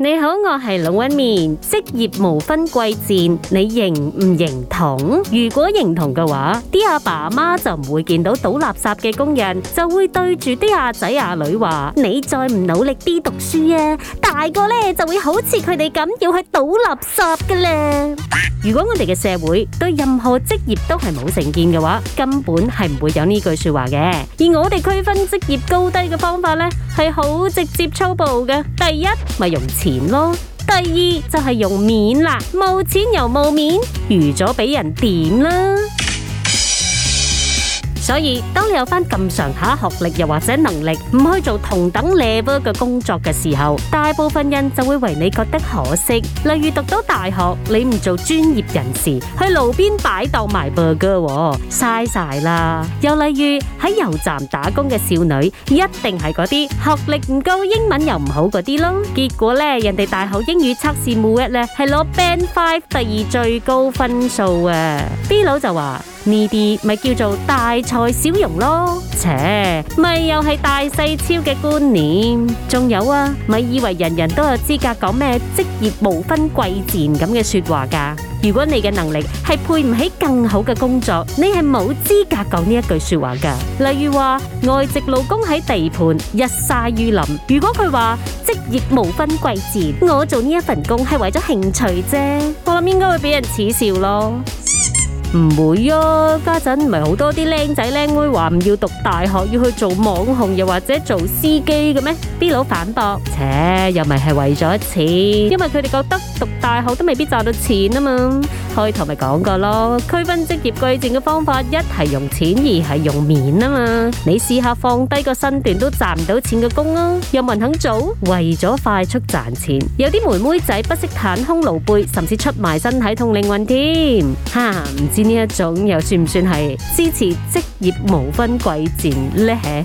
你好，我係龍紋敏。職業無分貴賤，你認唔認同？如果認同嘅話，啲阿爸阿媽就唔會見到倒垃圾嘅工人，就會對住啲阿仔阿女話：你再唔努力啲讀書啊，大個呢就會好似佢哋咁要去倒垃圾嘅喇。如果我哋嘅社會對任何職業都係冇成見嘅話，根本係唔會有呢句說話嘅。而我哋區分職業高低嘅方法呢。係好直接粗暴嘅，第一咪、就是、用錢咯，第二就係、是、用面啦，冇錢又冇面，預咗俾人點啦。所以，當你有翻咁上下學歷又或者能力，唔去做同等 level 嘅工作嘅時候，大部分人就會為你覺得可惜。例如讀到大學，你唔做專業人士，去路邊擺檔埋 burger，嘥、哦、晒啦。又例如喺油站打工嘅少女，一定係嗰啲學歷唔高、英文又唔好嗰啲咯。結果咧，人哋大學英語測試冇一咧，係攞 Band Five 第二最高分數啊。B 佬就話。呢啲咪叫做大材小用咯，切咪又係大細超嘅觀念。仲有啊，咪以為人人都有資格講咩職業無分貴賤咁嘅說話噶？如果你嘅能力係配唔起更好嘅工作，你係冇資格講呢一句說話噶。例如話外籍勞工喺地盤日晒雨淋，如果佢話職業無分貴賤，我做呢一份工係為咗興趣啫，我諗應該會俾人恥笑咯。唔會啊，家陣唔係好多啲僆仔僆妹話唔要讀大學，要去做網紅又或者做司機嘅咩？B 佬反駁：切，又咪係為咗錢，因為佢哋覺得讀大學都未必賺到錢啊嘛。開頭咪講過咯，區分職業貴賤嘅方法一係用錢，二係用面啊嘛。你試下放低個身段都賺唔到錢嘅工啊，有冇人肯做？為咗快速賺錢，有啲妹妹仔不惜坦胸露背，甚至出賣身體同靈魂添。吓，唔知呢一種又算唔算係支持職業無分貴賤呢？